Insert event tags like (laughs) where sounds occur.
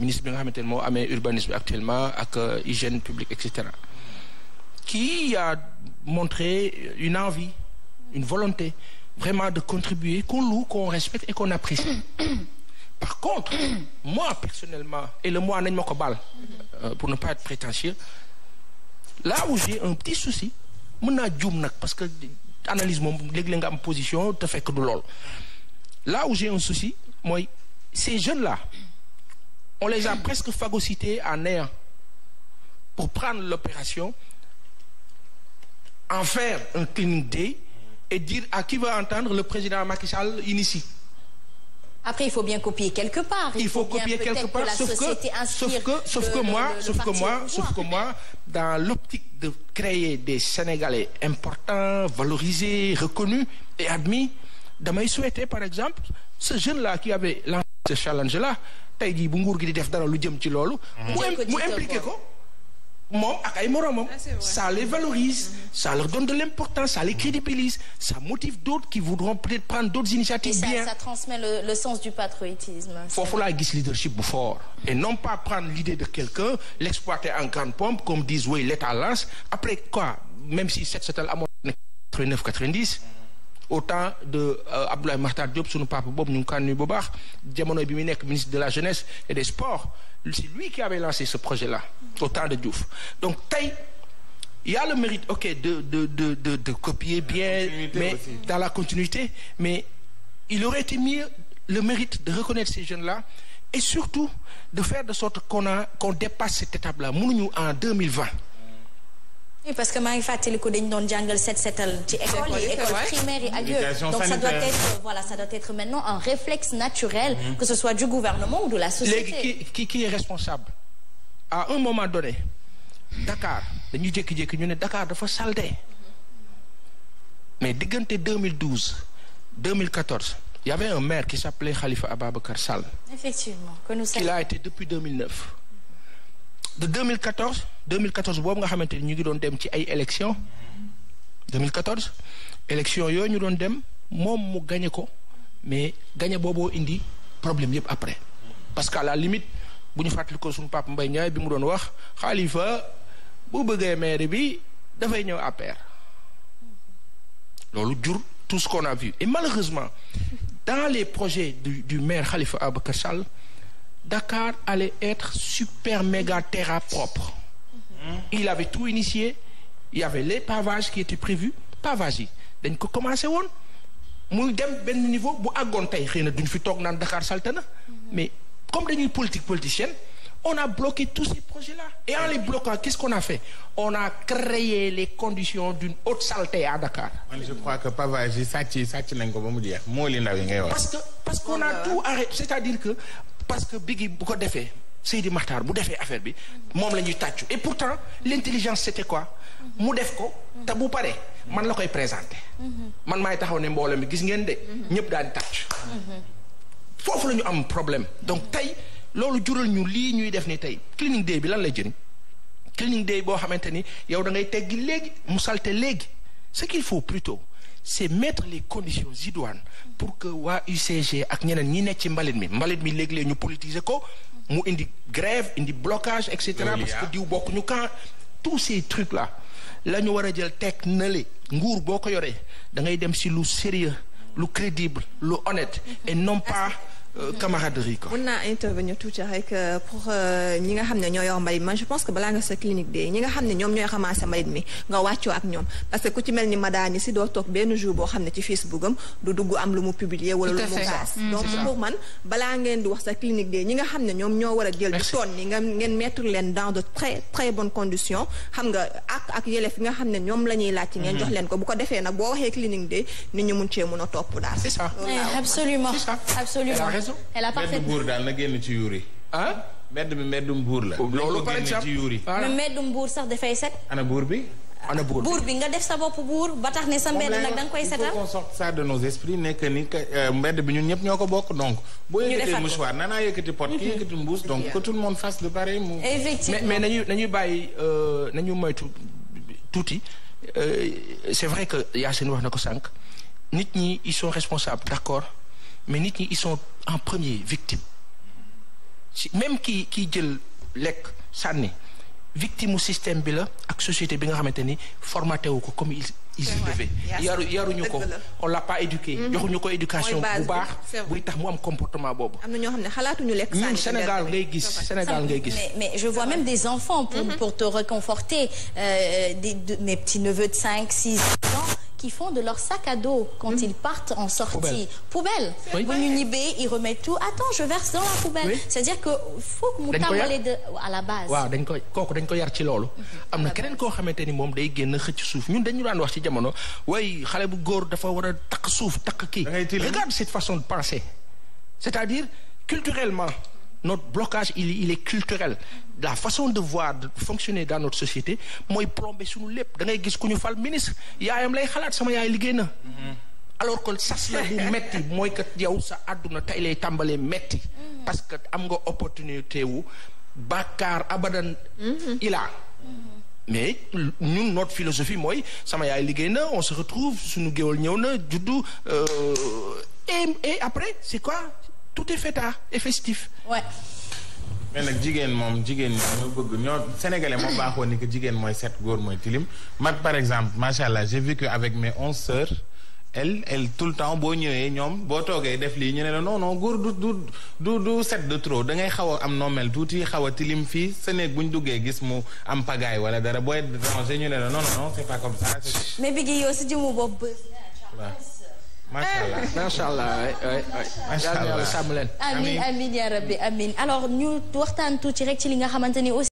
ministre bi nga xamante ne moo amee urbanisme actuellement ak euh, hygiène publique et cetera qui a montré une envie une volonté vraiment de contribuer qu'on loue qu'on respecte et qu'on apprécie (coughs) par contre (coughs) moi personnellement et le moi nañ ma ko baal euh, pour ne pas être prétentieux là où j'ai un petit souci mën naa juum nag parce que analyse moom léeg-léeg nga am position te fekk du lool là où j'ai un souci mooy ces jeunes là on les a presque phagocytés à néant pour prendre l'opération, en faire un clean day et dire qui veut entendre le président Macky Sall initie. Après, il faut bien copier quelque part. Il, il faut, faut copier quelque part, que sauf, que, moi, dans l'optique de créer des Sénégalais importants, valorisés, reconnus et admis, damay souhaiter, par exemple, ce jeune-là qui avait ce challenge là tey jii bu nguur gi di def dara lu jëm ci loolu. Mm-hmm. mu impliqué ko moom ak ay moromam. Ah, ça les valorise ça leur donne de l'importance ça les crédibilise ça motive d'autres qui voudront peut-être prendre d'autres initiatives. bien et ça transmet le sens du patriotisme. foofu a gis leadership bu fort. et non pas prendre l'idée de quelqu'un l'exploiter en grande pompe comme disent oui l'État lance après quoi même si set setal amoon na 89 90. au temps de euh, Abdoulaye Makhtar Diop sunu papa boobu ñu ngi kan nuyu bu baax jamono bi muy nekk ministre de la jeunesse et des sports c'est lui qui avait lancé ce projet là au temps de Diouf donc tey y a le mérite de de de de de copier bien mais dans la continuité mais il aurait été mieux le mérite de reconnaître ces jeunes là et surtout de faire de sorte qu'on a qu'on dépasse cette étape là mënuñu en oui parce que maa ngi fàttaliku dañu doon jàngal set setal ci école yi école primaire yi ak yooyu donc ça doit être maintenant un réflexe naturel mm-hmm. que ce soit du gouvernement ou de la société léegi qui qui est responsable à un moment donné Dakar dañu jékki-jékki ñu ne Dakar dafa saleté mais diggante 2012 2014 il y avait un maire qui s'appelait Khalifa Ababacar Sall effectivement que nous savons qu'il a été depuis 2009 de 2014 2014 boobu nga xamante ni ñu ngi doon dem ci ay élections 2014 élections yooyu ñu doon dem moom mu gañe ko mais gañe booboo indi problème yëpp après parce que à la limite bu ñu fàttali ko suñu papa mbay Ndiaye bi mu doon wax Khalifa bu bëggee maire bi dafay ñëw APR loolu jur tout ce qu'on a malheureusement dans les projets du du maire Khalifa Ababacar Sall Dakar allait être super méga terra propre. Mm-hmm. Il avait tout initié il y avait les pavages qui étaient prévus pavage yi dañ ko commencé woon muy dem benn niveau bu àggoon tey xëy na duñ fi toog naan Dakar salte na mm-hmm. mais comme dañuy politique politicienne on a bloqué tous ces projets là et en les bloquant qu'est-ce qu'on a fait on a créé les conditions d'une haute saleté à Dakar. man je crois que pavage sàcc sàcc nañ ko ba mu jeex moo li ngay wax. parce qu'on a tout arrêté c'est-à-dire que parce que Biggi bu ko defee Seydi maxtar bu defee affaire bi moom la ñuy tàccu et pourtant l'intelligence c'était quoi mu def ko te bu pare man la koy présenter man maay taxaw ne mbooloo mi gis ngeen de ñëpp daan di foofu la ñu am problème donc tey loolu jural ñu lii ñuy def ni tey cleaning day bi lan lay jëriñ cleaning day boo xamante ni yow da ngay teggi léegi mu salte léegi ce qu'il faut plutôt c'est mettre les conditions idoines pour que waa UCG ak ñeneen ñi nekk ci mbalit mi mbalit mi léeg ñu politiser ko mu indi grève indi blocage et cetera parce que diw bokk ñu camp tous ces trucs la ñu war a jël teg nale nguur boo ko yoree da ngay dem si lu sérieux lu crédible lu honnête et non pas Euh, camaraderie quoi. mën naa intervenir tuuti rek euh, pour euh, ñi nga xam ne ñoom ñooy ramasser mbalit mi nga wàccoo ak ñoom parce que ku ci mel ni madaani si doo toog benn jour boo xam ne ci Facebook du dugg am lu mu publier wala lu mu paas mm, donc pour man balaa ngeen di wax sa clinique de ñi nga xam ne ñoom ñoo war a jël di toon ni nga ngeen mettre leen dans de très très bonnes xam nga ak ak yelef yi nga xam ne ñoom la ñuy laaj ci ngeen mm-hmm. jox leen ko bu ko defee nag boo waxee clinique de nit ñu mun cee mën a topp weesu. elle a buur daal na génn ci yuur yi. ah mbedd mi mbeddum buur la. loolu par exemple ci yuur yi. mais mbeddum buur sax dafay set. ana buur bi. ana buur bi bi nga def sa bopp buur ba tax ne sa mbedd nag da koy setal. on sort ça de nekk ni euh, mbedd bi ñun ñëpp ñoo ko bokk donc. boo yëkkatee mouchoir nanaa yëkkati pot ki yëkkati mbuus donc que tout le monde fasse de pareil. effectivement mais nañu nañuy bàyyi euh, nañu moytu tuuti euh, c'est vrai que Yacine wax na ko sànq nit ñi ils sont responsables d'accord mais nit ñi ils sont en premier victime même kii kii jël lekk sànni victime mu système bi la ak société bi nga xamante ni formaté wu ko comme il il devait yaru yaruñu ko on l'a pas éduqué mm-hmm. joxuñu ko éducation bu baax buy tax mu am comportement boobu am na ñoo xam ne xalaatuñu lekk ñun Sénégal ngay gis Sénégal ngay gis mais je vois même des enfants pour mm-hmm. pour te réconforter euh, des mes petits neveux de cinq six ans qui font de leur sac à dos quand mmh. ils partent en sortie poubelle bu ñu ñibbee ils remettent dañ koy kooku dañ ko yar ci loolu mmh. am na keneen koo xamante ni moom day génn xëcc suuf ñun dañu daan wax ci jamono waaye xale bu góor dafa war a takk suuf takk kii regarde cette façon de penser c'est-à-dire culturellement notre blocage il il est culturel la façon de voir de fonctionner dans notre société mooy plombé suñu lépp da ngay gis ku ñu fal ministre yaayam lay xalaat sama yaay liggéey na. Mm-hmm. alors que sas mooy que yow sa àdduna tey lay tàmbalee metti mm-hmm. parce que am nga opportunité wu bàkkaar abadan mm-hmm. ilaa mais ñun notre philosophie mooy sama yaay liggéey na on se retrouve suñu géwal ñëw na juddu euh, et après c'est quoi tout est fêtard et festif. Ouais. mais nag jigéen moom jigéen ñi ñoo bëgg ñoo sénégalais moo baaxoo ni que jigéen mooy set góor mooy tilim man par exemple macha allah j'ai vécu avec mes onze sœurs elle elle tout le temps boo ñëwee ñoom boo toogee def lii ñu ne la non non góor du du du set de trop da ngay xaw am noo mel tuuti xaw a tilim fii sa néeg bu duggee gis mu am pagaay wala dara booy ranger ñu ne la non non non c'est pas comme ça. mais bi gi yow si bopp. macha allah (laughs) macha allah waay waay waay yàlla sàmm leen. amiin amiin yaa rabbi amiin alors ñu waxtaan tuuti rek ci li nga xamante ni aussi.